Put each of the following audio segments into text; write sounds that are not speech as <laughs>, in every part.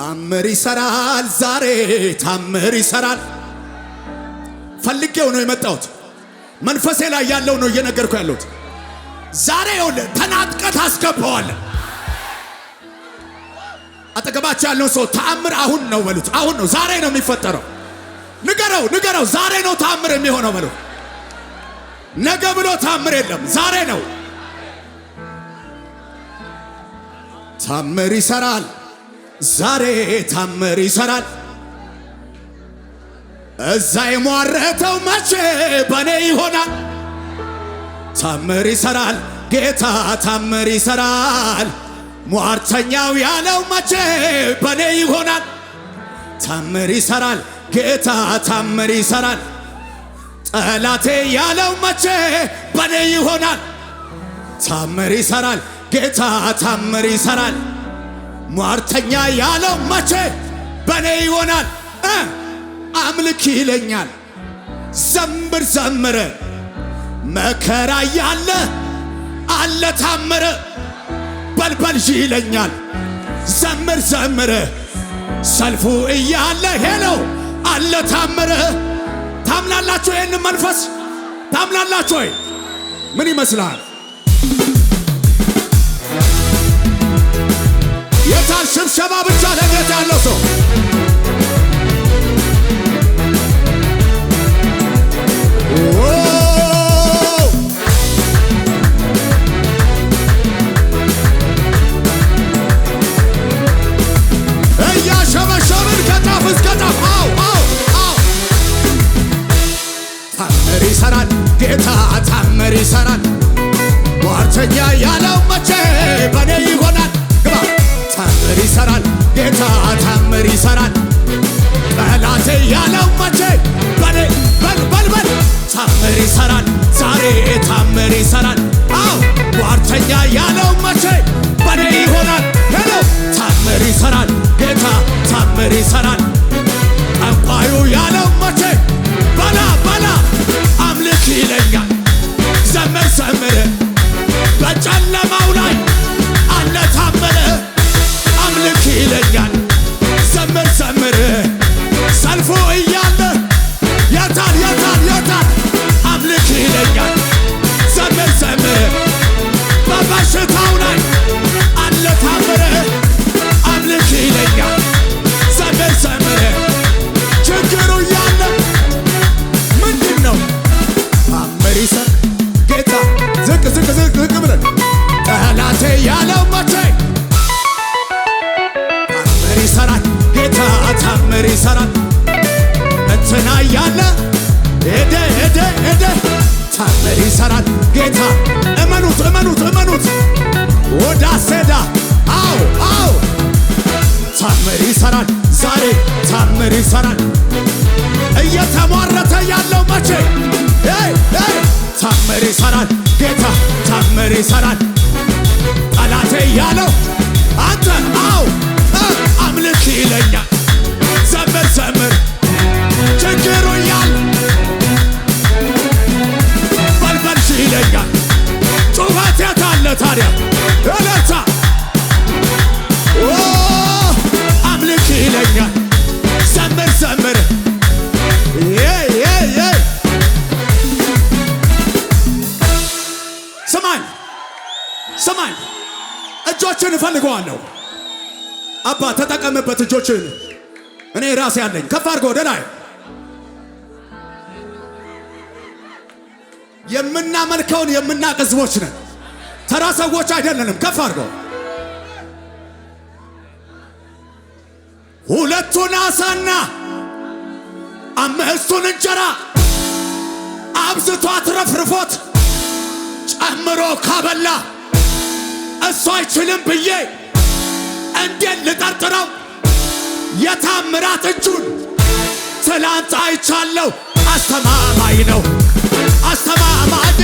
ታምር ይሰራል ዛሬ ታምር ይሰራል። ፈልጌው ነው የመጣሁት። መንፈሴ ላይ ያለው ነው እየነገርኩ ያለሁት። ዛሬ ይኸውልህ ተናጥቀት አስገባዋለሁ። አጠገባቸው ያለውን ሰው ተአምር አሁን ነው በሉት። አሁን ነው ዛሬ ነው የሚፈጠረው። ንገረው ንገረው፣ ዛሬ ነው ተአምር የሚሆነው በሉት። ነገ ብሎ ታምር የለም፣ ዛሬ ነው ታምር ይሰራል። ዛሬ ታምር ይሰራል። እዛ የሟረተው መቼ በኔ ይሆናል። ታምር ይሰራል ጌታ ታምር ይሰራል። ሟርተኛው ያለው መቼ በኔ ይሆናል። ታምር ይሰራል ጌታ ታምር ይሰራል። ጠላቴ ያለው መቼ በኔ ይሆናል። ታምር ይሰራል ጌታ ታምር ይሰራል። ሟርተኛ ያለው መቼ በእኔ ይሆናል። አምልክ ይለኛል። ዘምር ዘምረ መከራ ያለ አለ ታምረ በልበል ይለኛል። ዘምር ዘምረ ሰልፉ እያለ ሄለው አለ ታምረ ታምናላችሁ? ይህን መንፈስ ታምናላችሁ ምን ይመስላል? የታል ሽብሸባ ብቻ ለጌታ ያለው ሰው እያሸበሸብን ከጫፍ እስከ ጫፍ ጌታ ታምር ይሰራል ሟርተኛ ያለው መቼ በኔ ይሆናል saran ታምር ይሰራል። እየተሟረተ ያለው መቼ ታምር ይሰራል። ጌታ ታምር ይሰራል። ጠላቴ ያለው አንተ አው አምልክ ይለኛል። ዘምር ዘምር ችግሩ ያል በልበልሽ ይለኛል። ጩኸት የታለ ታዲያ ስማኝ፣ እጆችን እፈልገዋለሁ። አባ ተጠቀምበት፣ እጆችን እኔ ራሴ ያለኝ ከፍ አድርጎ ወደ ላይ የምናመልከውን የምናቅ ህዝቦች ነን። ተራ ሰዎች አይደለንም። ከፍ አድርጎ ሁለቱን አሳና አምስቱን እንጀራ አብዝቶ አትረፍርፎት ጨምሮ ካበላ እሱ አይችልም ብዬ እንዴት ልጠርጥረው? የታምራት እጁን ትላንት አይቻለሁ። አስተማማኝ ነው አስተማማኝ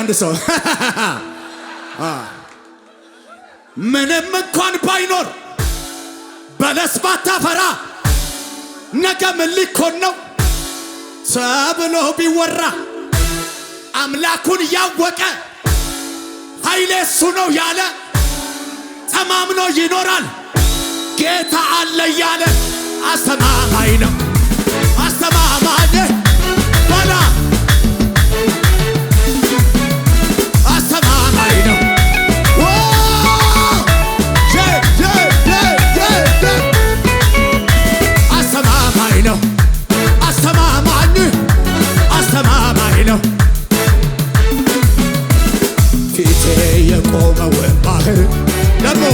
አንድ ሰው <laughs> ምንም እንኳን ባይኖር በለስ ባታፈራ ነገ ምን ሊኮን ነው ተብሎ ቢወራ አምላኩን ያወቀ ኃይሌ እሱ ነው ያለ ተማምኖ ይኖራል። ጌታ አለ ያለ አስተማማኝ ነው። የቆመው ባህር ደግሞ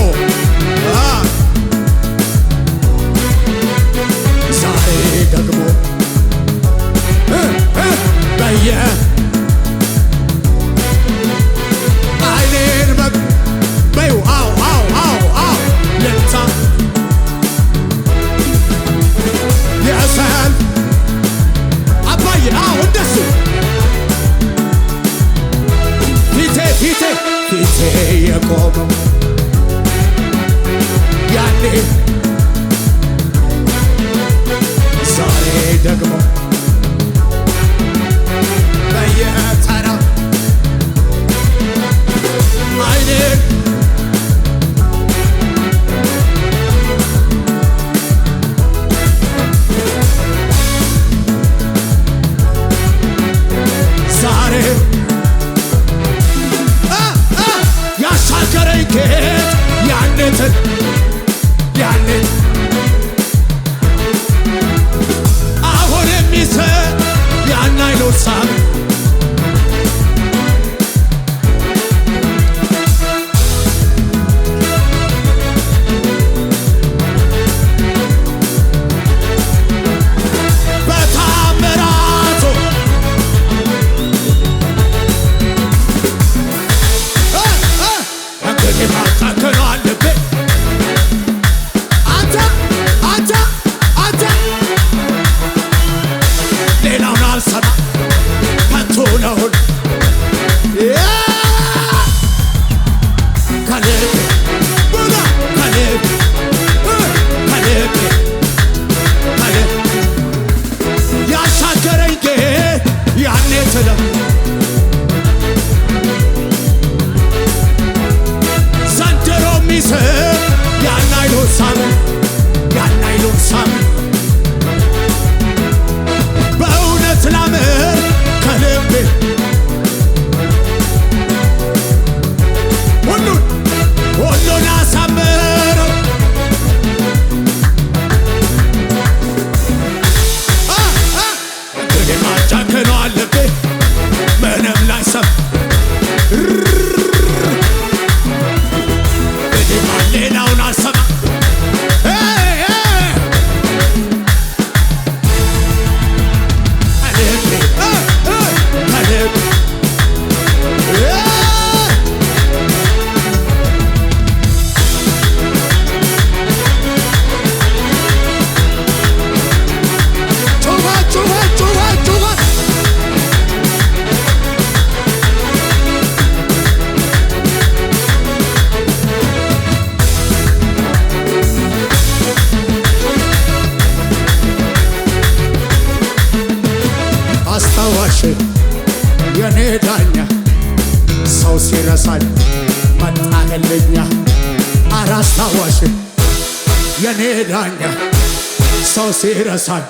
ራሴ ረሳኝ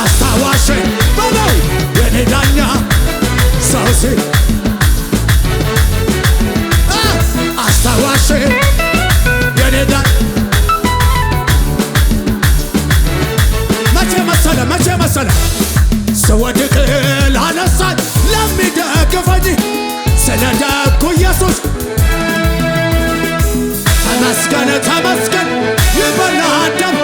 አስታዋሸኝ በለው የኔ ዳኛ ሳውሴ አስታዋሸኝ የኔ ዳ መቼ መሰለ መቼ መሰለ ስወድቅ ላነሳኝ ለሚደግፈኝ ስለደኩ ኢየሱስ ተመስገን ተመስገን I don't.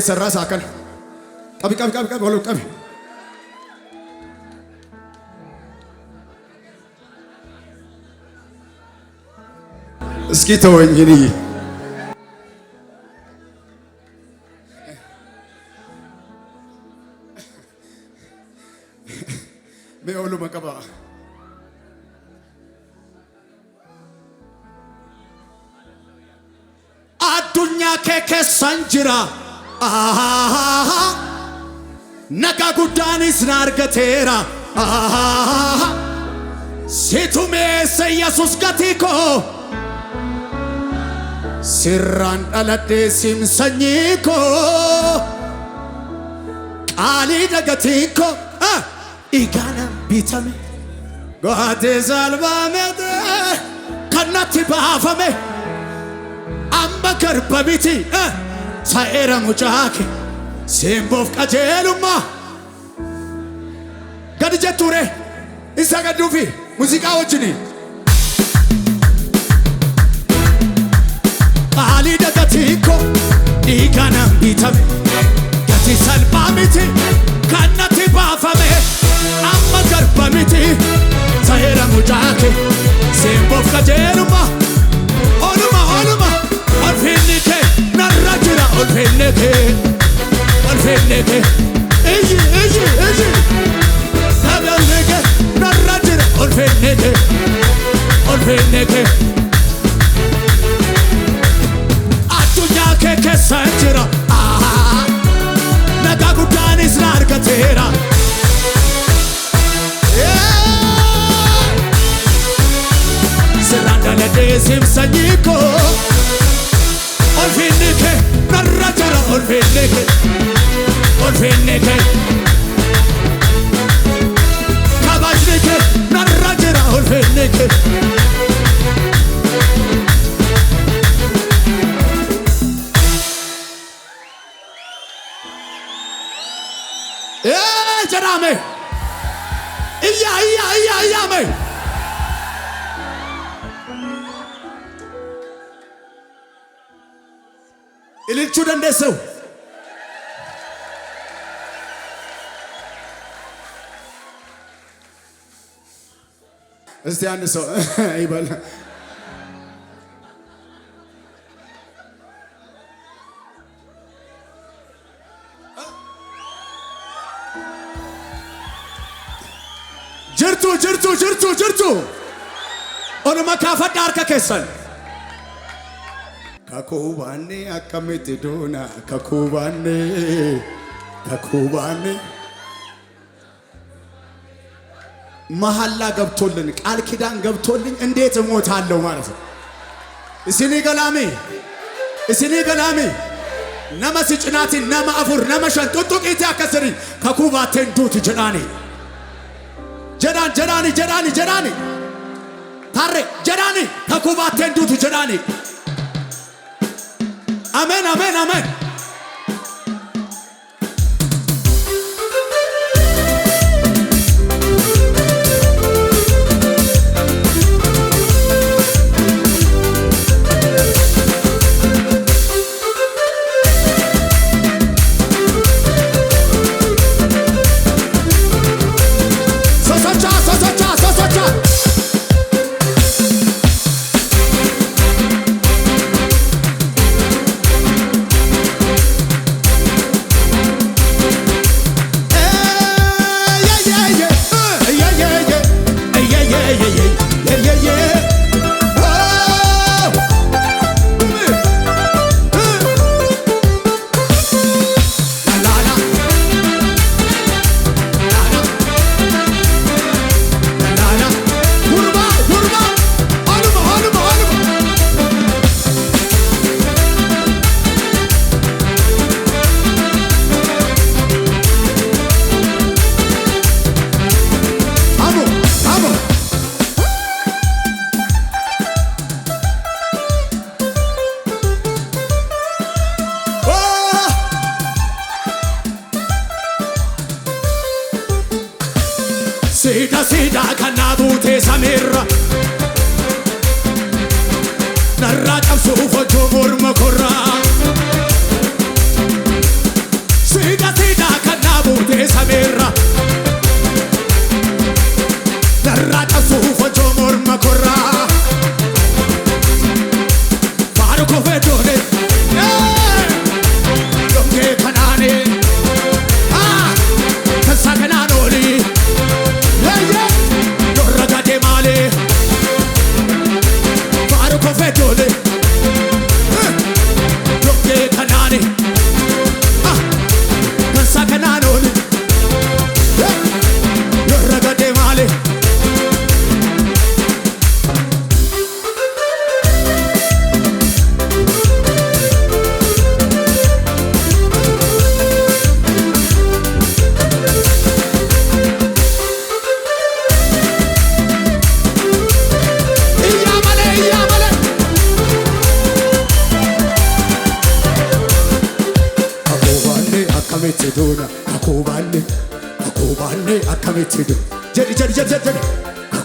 እንዴት ሰራ ሳከን ቀቢ ቀቢ ቀቢ ቀቢ ቀቢ እስኪ ተወኝ እንይ ሜኦሉ መቀባ አዱኛ ኬኬ ነጋ ጉዳን ስናርገቴራ ሲቱሜሰ ኢየሱስ ገቲኮ ሲራን ዳለዴ ሲምሰኝኮ ቃሊ ደገቲኮ ኢጋነ ቢተሜ ጓቴ ዛልባሜ ከነቲ ባፈሜ አምበ ገርበቢቲ saeramu caake seemboof qajeelummaa gadi jettuure isa gadduufi muuziqaa wajjini qaalii dagatikko dhiiganaan biitame gati salphaa miti kan natti baafame amma garba miti saeramu caake seemboof qajeelummaa Acıra ol fennete Ol fennete Eji eji eji Sabyan neke Narracıra ol fennete Ol fennete Acıya keke sancıra Aha Naga guddan israr katera Siranda le desim sanyiko Ol fennete और फेरने के और फेरने के बाजने फेरने के ए चरा में इया इया इया इया में እልልቹ ደንደሰው እስቲ አንድ ሰው ይበል። jirtuu jirtuu jirtuu jirtuu onuma kaafa dhaarka keessan ከኩባኔ አቀምት ዶና ከኩባኔ ከኩባኔ መሐላ ገብቶልን ቃል ኪዳን ገብቶልኝ እንዴት እሞታለሁ ማለት ነው። እስኒ ገላሚ እስኒ ገላሜ ነመ ስጭናቲ ነመ አፉር ነመ ሸንጡጡቂቲ አከስሪ ከኩባቴን ዱት ጀዳኔ ጀዳን ጀዳኒ ጀዳኒ ታሬ ጀዳኒ ከኩባቴን ዱት ጀዳኔ አሜን፣ አሜን፣ አሜን። ሲዳ ሲዳ ከናቡቴ ሰሜራ ነራ ቀብሱ ሆጆ ቦር መኮራ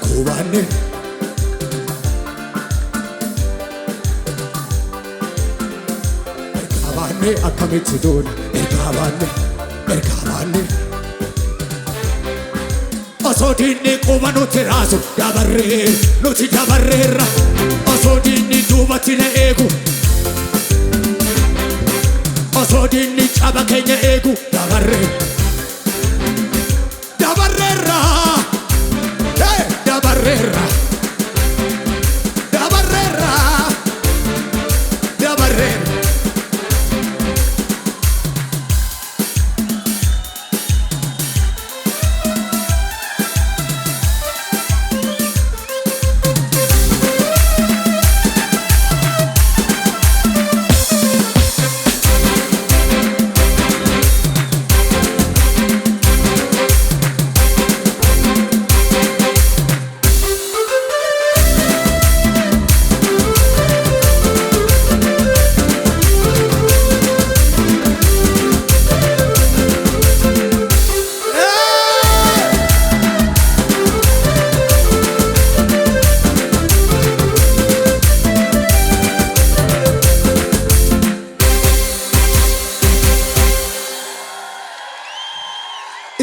ኩባኔ እርካባኔ አካሜት ሲዶን እርካባኔ እርካባኔ osoodinni quba nuti raasu dabarreera nuti dabarreera osoodinni duubatti na eegu osoodinni caba keenya eegu dabarreera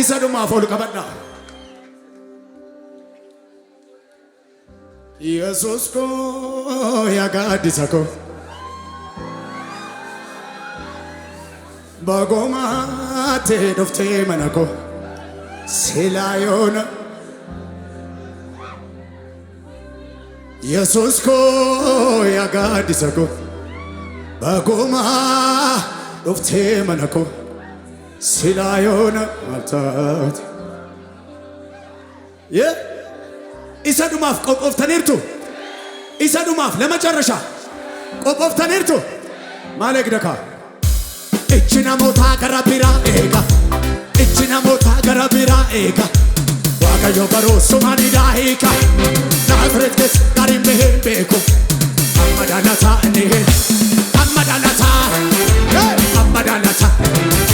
ኢሰዱማ ፎሉ ቀበዳ ኢየሱስ ኮ ያጋዲሰ ኮ በጎማቴ ዶፍቴ መነኮ ሲላዮነ ኢየሱስ ኮ ያጋዲሰ ኮ በጎማ ዶፍቴ መነኮ ሲላዮነ ማልታት ኢሰዱማፍ ቆጶፍተኔርቱ ኢሰዱማፍ ለመጨረሻ ቆጶፍተኔርቱ ማለግደካ እችነ ሞታ ገረቢራ ኤጋ እችነ ሞታ ገረቢራ ኤጋ ዋቀዮ በሮ ሱማኒዳ ሂካ ናፍሬትስ ጋሪም ብሄ ቤኩ አመዳናታ እኒሄ አመዳናታ አመዳናታ